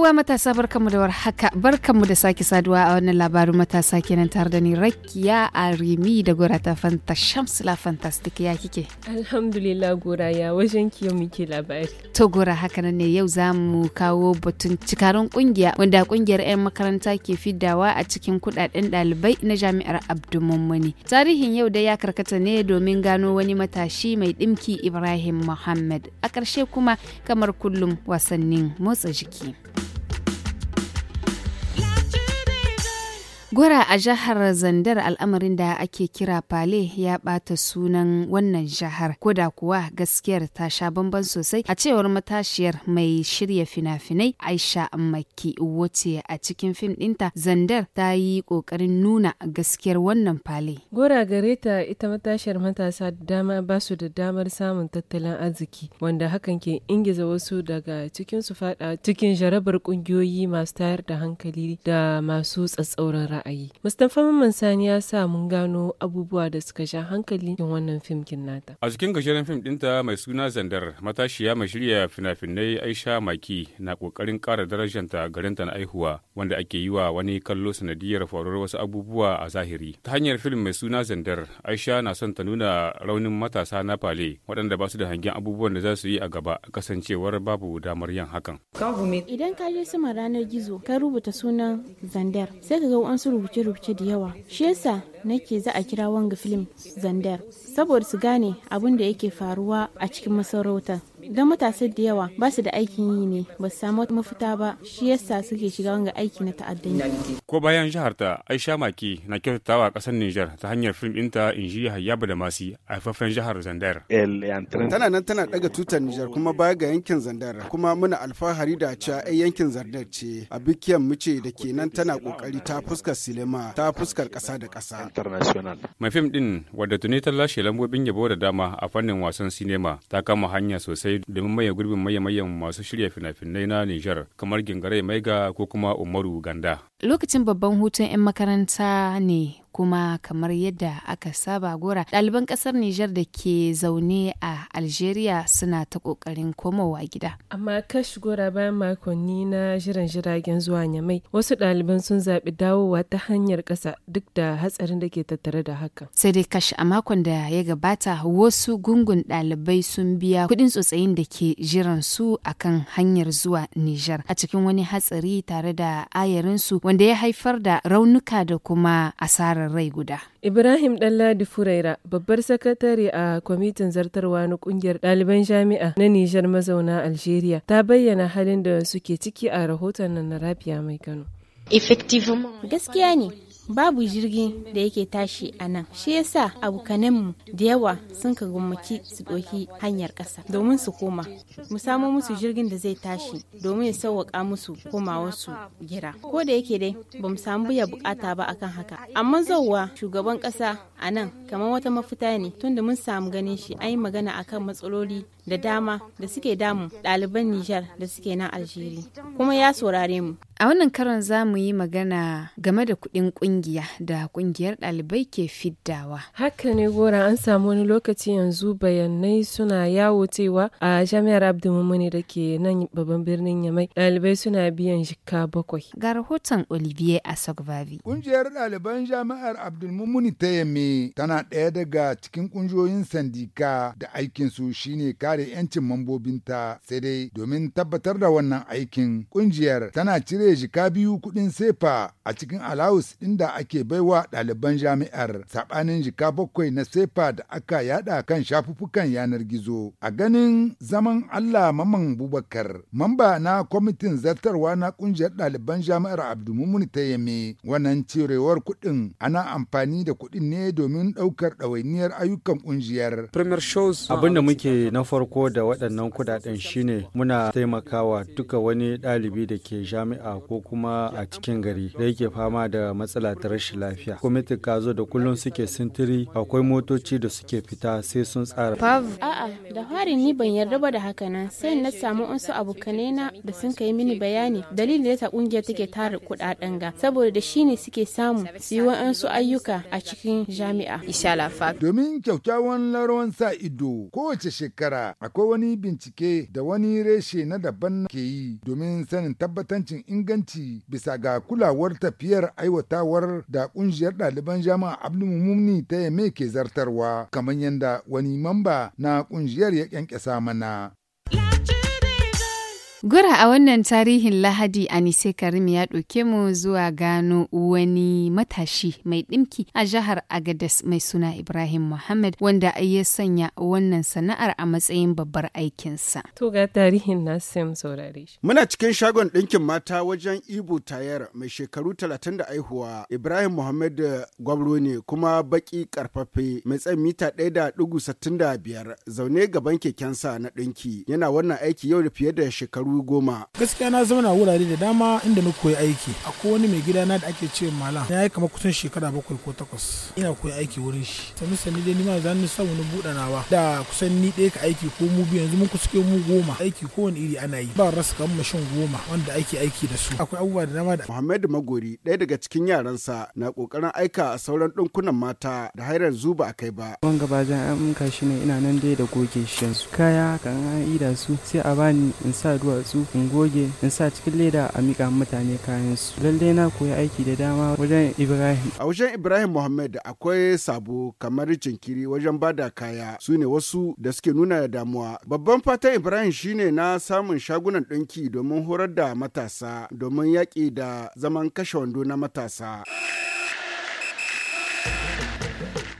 uwa matasa barkanmu da war haka barkanmu da sake saduwa a wannan labarin matasa kenan tare da ni rakiya a rimi da gora ta fanta shamsula fantastic ya kike alhamdulillah gora ya wajen ki muke labari to gora haka nan ne yau za mu kawo batun cikaron kungiya wanda kungiyar 'yan makaranta ke fidawa a cikin kudaden dalibai na jami'ar abdulmumuni tarihin yau da ya karkata ne domin gano wani matashi mai dimki ibrahim muhammad a ƙarshe kuma kamar kullum wasannin motsa jiki. gwara a jihar Zandar al'amarin da ake kira Fale ya ɓata sunan wannan jihar, koda kuwa gaskiyar ta sha bamban sosai a cewar matashiyar mai shirya fina-finai Aisha Makki wace a cikin fim ɗinta Zandar ta yi ƙoƙarin nuna gaskiyar wannan Fale. Gora gare ta ita matashiyar matasa dama ba su da damar samun tattalin arziki wanda hakan ke ingiza wasu daga cikin su faɗa cikin jarabar ƙungiyoyi masu tayar da hankali da masu tsatsauran a yi. Mustapha Mamman Sani ya sa mun gano abubuwa da suka sha hankali cikin wannan fim kin nata. A cikin gajeren fim ɗinta mai suna Zandar matashiya mai shirya fina-finai Aisha Maki na ƙoƙarin ƙara darajanta garinta na aihuwa wanda ake yi wa wani kallo sanadiyar faruwar wasu abubuwa a zahiri. Ta hanyar fim mai suna Zandar Aisha na son ta nuna raunin matasa na pale waɗanda ba su da hangen abubuwan da za su yi a gaba kasancewar babu damar yin hakan. Idan ka je sama ranar gizo ka rubuta sunan Zandar sai ka ga wasu rubuce-rubuce da yawa. Shi yasa nake za a kira wanga film Zandar saboda su gane abin da yake faruwa a cikin masarautar. Don matasa da yawa ba su da aikin yi ne ba su samu mafita ba shi yasa suke shiga wanga aiki na ta'addani. ko bayan jiharta aisha maki na kyautatawa ƙasar Nijar ta hanyar fim ɗinta in ji da masi a haifafen jihar zandar tana nan tana ɗaga tutar nijar kuma baya ga yankin zandar kuma muna alfahari da cewa ai yankin zandar ce a bikiyan ce da ke nan tana kokari ta fuskar silima ta fuskar kasa da kasa mai fim ɗin wadda tuni ta lashe lambobin yabo da dama a fannin wasan sinema ta kama hanya sosai domin maye gurbin maye mayan masu shirya fina-finai na nijar kamar gingare maiga ko kuma umaru ganda lokacin babban hutun 'yan makaranta ne kuma kamar yadda aka saba gora ɗaliban ƙasar Nijar da ke zaune a Algeria suna ta ƙoƙarin komowa gida. Amma kash gora bayan makonni na jiran jiragen zuwa Nyamai wasu ɗaliban sun zaɓi dawowa ta hanyar ƙasa duk da hatsarin da ke tattare da haka. Sai dai kash a makon da ya gabata wasu gungun ɗalibai sun biya kuɗin tsotsayin da ke jiran su akan hanyar zuwa Nijar a cikin wani hatsari tare da ayarinsu wanda ya haifar da raunuka da kuma asara. asarar rai guda. Ibrahim Ɗanladi Furaira, babbar sakatare a kwamitin zartarwa na ƙungiyar ɗaliban jami'a na Nijar mazauna Algeria, ta bayyana halin da suke ciki a rahoton nan na Rafiya Mai Kano. Gaskiya ne, babu jirgin da yake tashi a nan shi yasa abokanenmu da yawa sun ka gummaki su ɗoki hanyar ƙasa domin su koma mu samo musu jirgin da zai tashi domin ya sauwaƙa musu komawarsu gira ko da yake dai ba mu samu biya bukata ba akan haka amma zauwa shugaban ƙasa a nan kamar wata mafita ne tunda mun samu ganin shi an yi magana akan matsaloli da dama da suke damu ɗaliban Nijar da suke nan Aljeri kuma ya saurare mu. A wannan karon za mu yi magana game da kuɗin ƙungiya da ƙungiyar ɗalibai ke fiddawa. Haka ne gora an samu wani lokaci yanzu bayanai suna yawo cewa a jami'ar Abdulmumuni da ke nan babban birnin Yamai ɗalibai suna biyan shika bakwai. Ga rahoton Olivier Asogbavi. Ƙungiyar ɗaliban jami'ar Abdulmumuni ta Yame tana ɗaya daga cikin ƙungiyoyin sandika da aikinsu shine kare kare 'yancin mambobinta sai dai domin tabbatar da wannan aikin kungiyar tana cire jika biyu kuɗin sefa a cikin alawus inda ake baiwa ɗaliban jami'ar saɓanin jika bakwai na sefa da aka yada kan shafuffukan yanar gizo a ganin zaman allah maman bubakar mamba na kwamitin zartarwa na kungiyar ɗaliban jami'ar ta yame wannan cirewar kuɗin ana amfani da kuɗin ne domin ɗaukar ɗawainiyar ayyukan kungiyar abin da muke na farko da waɗannan kudaden shine muna taimakawa duka wani ɗalibi da ke jami'a ko kuma a cikin gari da yake fama da matsala ta rashin lafiya. Kwamitin zo da kullum suke sintiri akwai motoci da suke fita sai sun tsara. A'a da fari ni ban yarda ba da haka nan sai na samu wasu abokanai na da sun kai mini bayani dalilin da ta kungiyar take tara kudaden ga saboda da shine suke samu su yi wa'ansu ayyuka a cikin jami'a. Domin kyakkyawan larawan sa ido kowace shekara akwai wani bincike da wani reshe na daban ke yi domin sanin tabbatancin inganci bisa ga kulawar tafiyar aiwatawar da kungiyar ɗaliban jama'a abdulmumni ta yame ke zartarwa kamar yadda wani mamba na kungiyar ya kyankyasa mana. Gura a wannan tarihin Lahadi Anise Karim ya ɗauke mu zuwa gano wani matashi mai ɗinki a jihar Agadas mai suna Ibrahim Muhammad wanda ya sanya wannan sana'ar a matsayin babbar aikinsa. To ga tarihin na Sam saurare Muna cikin shagon ɗinkin mata wajen Ibo Tayar mai shekaru talatin da aihuwa Ibrahim Muhammad eh, gwabro ne kuma baki karfafe mai tsayin mita ɗaya da ɗugu sittin da biyar zaune gaban kekensa na ɗinki yana wannan aiki yau da fiye da shekaru shekaru goma. Gaskiya na zama na wurare da dama inda na koyi aiki. Akwai wani mai gida na da ake ce malam. Na yi kama kusan shekara bakwai ko takwas. Ina koyi aiki wurin shi. Sani sani dai nima zan sa wani buɗanawa. Da kusan ni ɗaya ka aiki ko mu biyu yanzu mun kusa mu goma. Aiki ko wani iri ana yi. Ba rasa kamar mashin goma wanda ake aiki da su. Akwai abubuwa da dama da. Muhammadu Magori ɗaya daga cikin yaransa na ƙoƙarin aika a sauran ɗinkunan mata da hairar zuba a kai ba. gaba ba an shi ne ina nan dai da goge shi yanzu. Kaya kan an da su sai a bani in sa duwa watsu in goge in sa cikin leda a mika mutane kayan su lalle na koyi aiki da dama wajen ibrahim a wajen ibrahim muhammad akwai sabo kamar jinkiri wajen bada kaya su ne wasu da suke nuna da damuwa babban fatan ibrahim shine na samun shagunan ɗinki domin horar da matasa domin yaki da zaman kashe wando na matasa.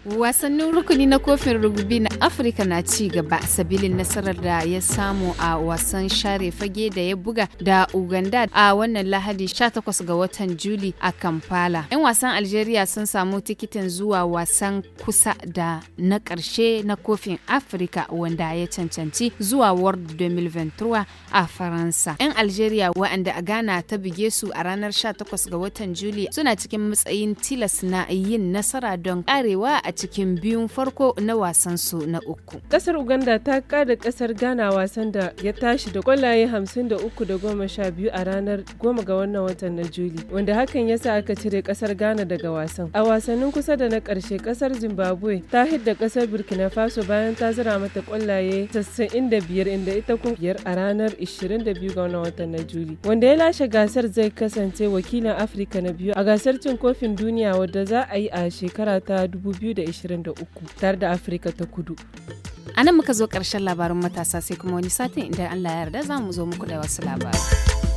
wasannin rukuni na kofin rugubi na afirka na ci gaba sabilin nasarar da ya samu a wasan share fage da ya buga da uganda a wannan lahadi 18 ga watan juli a kampala 'yan wasan algeria sun samu tikitin zuwa wasan kusa da na karshe na kofin afirka wanda ya cancanci zuwa world 2023 a faransa 'yan algeria waɗanda a ghana ta buge su a ranar 18 ga watan juli suna cikin matsayin tilas na yin nasara don karewa a a cikin biyun farko na wasan su na uku. Kasar Uganda ta kada kasar Ghana wasan da ya tashi da kwallaye 53 da goma sha biyu a ranar goma ga wannan watan na Juli, wanda hakan ya sa aka cire kasar Ghana daga wasan. A wasannin kusa da na ƙarshe kasar Zimbabwe ta hidda kasar Burkina Faso bayan ta zira mata kwallaye 95 inda ita kuma biyar a ranar 22 ga wannan watan na Juli, wanda ya lashe gasar zai kasance wakilin Afirka na biyu a gasar cin kofin duniya wadda za a yi a shekara ta 2000 2023 tare da Afirka ta kudu. A nan muka zo ƙarshen labarin matasa sai kuma wani satin idan Allah ya yarda za mu zo muku da wasu labarai.